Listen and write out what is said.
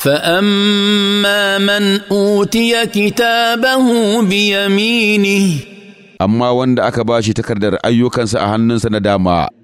فاما من اوتي كتابه بيمينه amma wanda aka bashi takardar ayyukansa a hannunsa na dama